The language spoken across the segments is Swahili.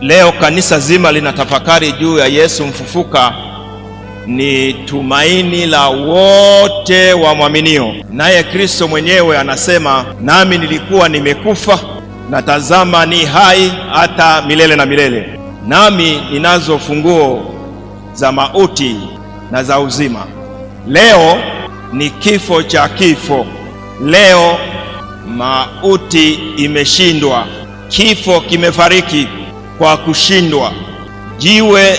Leo kanisa zima linatafakari juu ya Yesu mfufuka, ni tumaini la wote wa mwaminio Naye Kristo mwenyewe anasema, nami nilikuwa nimekufa na tazama ni hai hata milele na milele, nami ninazo funguo za mauti na za uzima. Leo ni kifo cha kifo, leo mauti imeshindwa, kifo kimefariki kwa kushindwa. Jiwe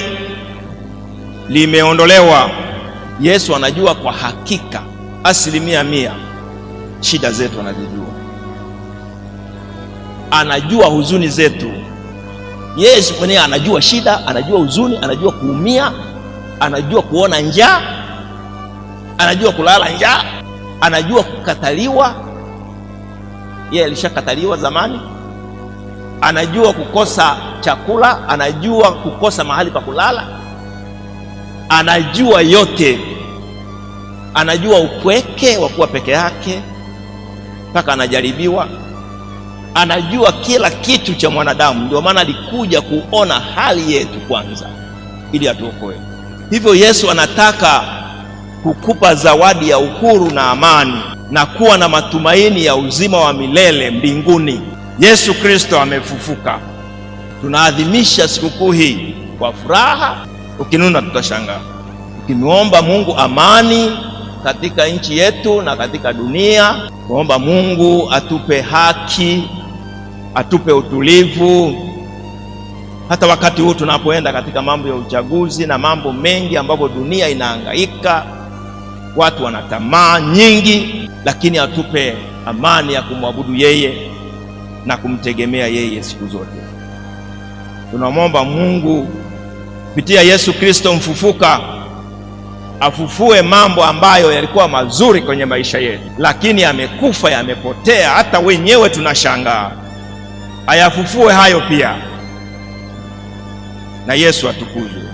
limeondolewa. Yesu anajua kwa hakika asilimia mia shida zetu anazijua, anajua huzuni zetu. Yesu mwenyewe anajua shida, anajua huzuni, anajua kuumia, anajua kuona njaa, anajua kulala njaa, anajua kukataliwa. Yeye alishakataliwa zamani anajua kukosa chakula, anajua kukosa mahali pa kulala, anajua yote, anajua upweke wa kuwa peke yake mpaka anajaribiwa, anajua kila kitu cha mwanadamu. Ndio maana alikuja kuona hali yetu kwanza ili atuokoe. Hivyo Yesu anataka kukupa zawadi ya uhuru na amani na kuwa na matumaini ya uzima wa milele mbinguni. Yesu Kristo amefufuka. Tunaadhimisha sikukuu hii kwa furaha, ukinuna tutashangaa, ukimwomba Mungu amani katika nchi yetu na katika dunia, kuomba Mungu atupe haki, atupe utulivu, hata wakati huu tunapoenda katika mambo ya uchaguzi na mambo mengi ambapo dunia inahangaika, watu wana tamaa nyingi, lakini atupe amani ya kumwabudu yeye na kumtegemea yeye siku zote. Tunamwomba Mungu kupitia Yesu Kristo mfufuka afufue mambo ambayo yalikuwa mazuri kwenye maisha yetu, lakini yamekufa, yamepotea, hata wenyewe tunashangaa. Ayafufue hayo pia, na Yesu atukuzwe.